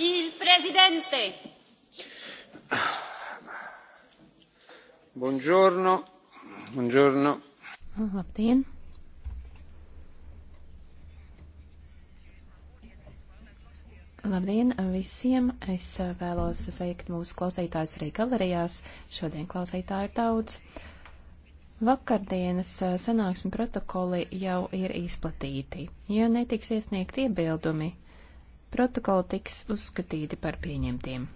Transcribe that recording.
Il presidente. Buongiorno. Buongiorno. Labdien. Labdien visiem! Es vēlos sveikt mūsu klausītājus arī galerijās. Šodien klausītāju ir daudz. Vakardienas sanāksmi protokoli jau ir izplatīti. Ja netiks iesniegt iebildumi, Protokoli tiks uzskatīti par pieņemtiem.